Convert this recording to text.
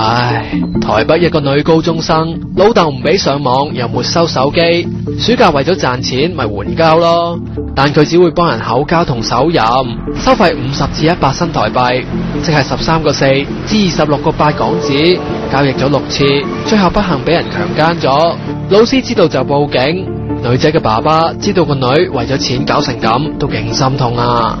唉，台北一個女高中生，老豆唔俾上網，又沒收手機，暑假為咗賺錢咪援交咯。但佢只會幫人口交同手淫，收費五十至一百新台幣，即係十三個四至二十六個八港紙，交易咗六次，最後不幸俾人強奸咗。老師知道就報警，女仔嘅爸爸知道個女為咗錢搞成咁，都勁心痛啊。